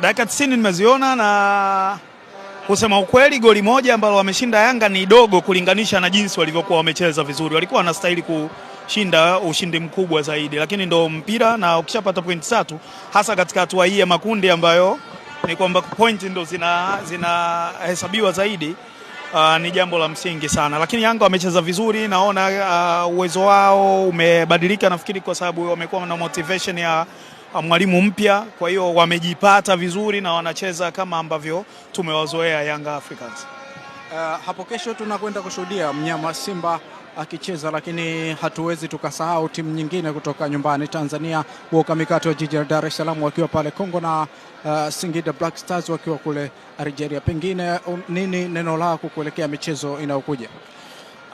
dakika 90 nimeziona na kusema ukweli, goli moja ambalo wameshinda Yanga ni dogo kulinganisha na jinsi walivyokuwa wamecheza vizuri. Walikuwa wanastahili kushinda ushindi mkubwa zaidi, lakini ndo mpira, na ukishapata point tatu, hasa katika hatua hii ya makundi ambayo ni kwamba point ndo zinahesabiwa zina zaidi, uh, ni jambo la msingi sana, lakini Yanga wamecheza vizuri, naona uh, uwezo wao umebadilika, nafikiri kwa sababu wamekuwa na motivation ya Ah, mwalimu mpya, kwa hiyo wamejipata vizuri na wanacheza kama ambavyo tumewazoea Yanga Africans. Uh, hapo kesho tunakwenda kushuhudia mnyama Simba akicheza, lakini hatuwezi tukasahau timu nyingine kutoka nyumbani Tanzania, Woka Mikato wa jiji la Dar es Salaam wakiwa pale Kongo na uh, Singida Black Stars wakiwa kule Algeria. Pengine um, nini neno lako kuelekea michezo inayokuja?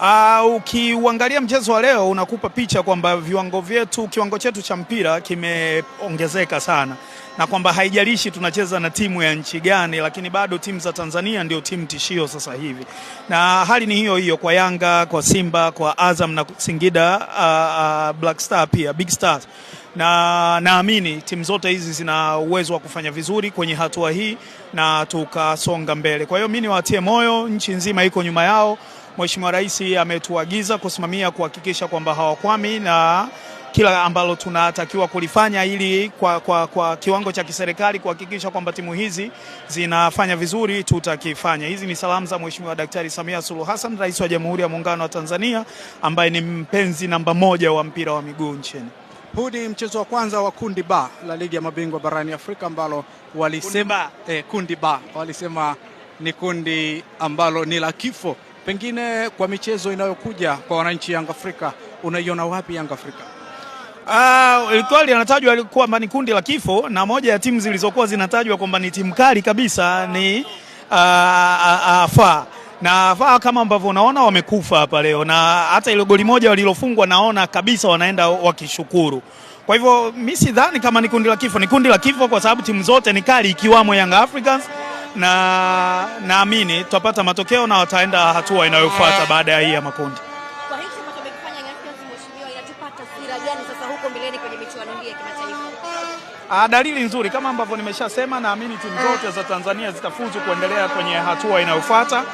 Uh, ukiuangalia mchezo wa leo unakupa picha kwamba viwango vyetu, kiwango chetu cha mpira kimeongezeka sana, na kwamba haijalishi tunacheza na timu ya nchi gani, lakini bado timu za Tanzania ndio timu tishio sasa hivi, na hali ni hiyo hiyo kwa Yanga, kwa Simba, kwa Azam na Singida uh, uh, Black Star pia Big Stars na naamini timu zote hizi zina uwezo wa kufanya vizuri kwenye hatua hii na tukasonga mbele. Kwa hiyo mimi niwatie moyo, nchi nzima iko nyuma yao. Mheshimiwa Rais ametuagiza kusimamia kuhakikisha kwamba hawakwami na kila ambalo tunatakiwa kulifanya ili kwa, kwa, kwa kiwango cha kiserikali kuhakikisha kwamba timu hizi zinafanya vizuri tutakifanya. Hizi ni salamu za Mheshimiwa Daktari Samia Suluhu Hassan, Rais wa Jamhuri ya Muungano wa Tanzania, ambaye ni mpenzi namba moja wa mpira wa miguu nchini. Huu ni mchezo wa kwanza wa kundi ba la ligi ya mabingwa barani Afrika ambalo walisema kundi ba, eh, kundi ba walisema ni kundi ambalo ni la kifo Pengine kwa michezo inayokuja kwa wananchi Yanga Afrika, unaiona wapi Yanga Afrika? Uh, ah, ilikuwa linatajwa kwamba ni kundi la kifo na moja ya timu zilizokuwa zinatajwa kwamba ni timu kali kabisa ni uh, ah, uh, ah, uh, fa na fa kama ambavyo unaona wamekufa hapa leo, na hata ile goli moja walilofungwa naona kabisa wanaenda wakishukuru. Kwa hivyo mi sidhani kama ni kundi la kifo. Ni kundi la kifo kwa sababu timu zote ni kali, ikiwamo Young Africans na naamini tutapata matokeo na wataenda hatua inayofuata baada ya hii ya makundi. Kwa ambacho amekifanya mheshimiwa, inatupa taswira gani sasa huko mbeleni kwenye michuano hii ya kimataifa? Ah, dalili nzuri kama ambavyo nimeshasema, naamini timu zote za Tanzania zitafuzu kuendelea kwenye hatua inayofuata.